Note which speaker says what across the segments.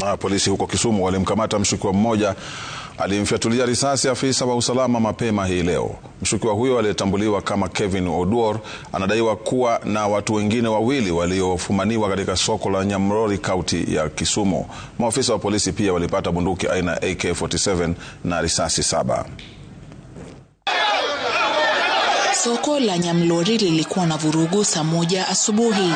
Speaker 1: Na polisi huko Kisumu walimkamata mshukiwa mmoja aliyemfyatulia risasi afisa wa usalama mapema hii leo. Mshukiwa huyo aliyetambuliwa kama Kevin Oduor anadaiwa kuwa na watu wengine wawili waliofumaniwa katika soko la Nyamrori, kaunti ya Kisumu. Maafisa wa polisi pia walipata bunduki aina AK47 na risasi saba.
Speaker 2: Soko la Nyamlori lilikuwa na vurugu saa moja asubuhi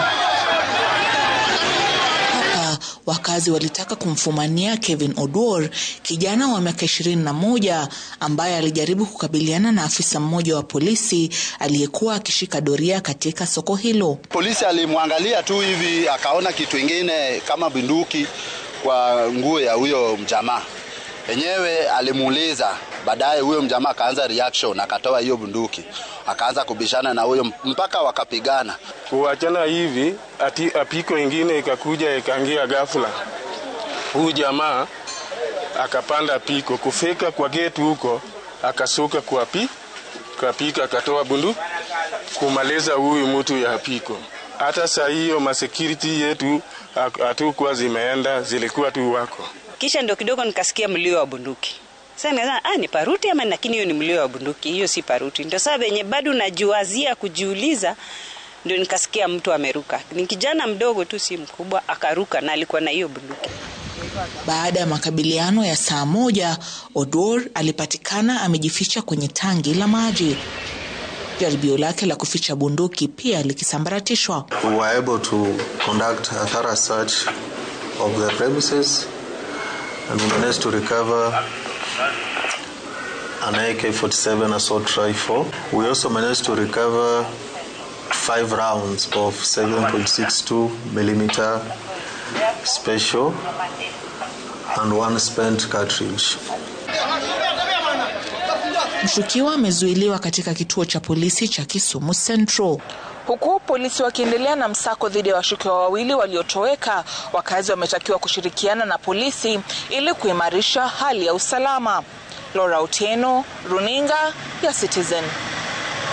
Speaker 2: wakazi walitaka kumfumania Kevin Oduor, kijana wa miaka ishirini na moja ambaye alijaribu kukabiliana na afisa mmoja wa polisi aliyekuwa akishika doria katika soko hilo.
Speaker 3: Polisi alimwangalia tu hivi akaona kitu ingine kama bunduki kwa nguo ya huyo mjamaa Enyewe alimuuliza baadaye, huyo mjamaa akaanza reaction, akatoa hiyo bunduki, akaanza kubishana na huyo mpaka wakapigana.
Speaker 4: Kuachana hivi ati apiko ingine ikakuja ikaangia ghafla, huyu jamaa akapanda piko kufika kwa geti huko, akasuka kwa pi kapika, akatoa bunduki kumaliza huyu mtu ya piko. Hata saa hiyo masekuriti yetu hatukuwa zimeenda, zilikuwa tu wako
Speaker 5: kisha ndio kidogo nikasikia mlio wa bunduki. Sasa ah, ni paruti ama, lakini hiyo ni mlio wa bunduki, hiyo si paruti. Ndio sasa venye bado najuazia kujiuliza, ndio nikasikia mtu ameruka. Ni kijana mdogo tu, si mkubwa, akaruka na alikuwa na hiyo bunduki.
Speaker 2: Baada ya makabiliano ya saa moja, odor alipatikana amejificha kwenye tangi la maji. Jaribio lake la kuficha bunduki pia likisambaratishwa.
Speaker 6: We were able to conduct a thorough search of the premises and we managed to recover an AK-47 assault rifle. We also managed to recover five rounds of 7.62 millimeter special and one spent cartridge.
Speaker 2: Mshukiwa amezuiliwa katika kituo cha polisi cha Kisumu Central
Speaker 7: Huku polisi wakiendelea na msako dhidi ya washukiwa wawili waliotoweka, wakazi wametakiwa kushirikiana na polisi ili kuimarisha hali ya usalama. Laura Otieno, Runinga ya Citizen.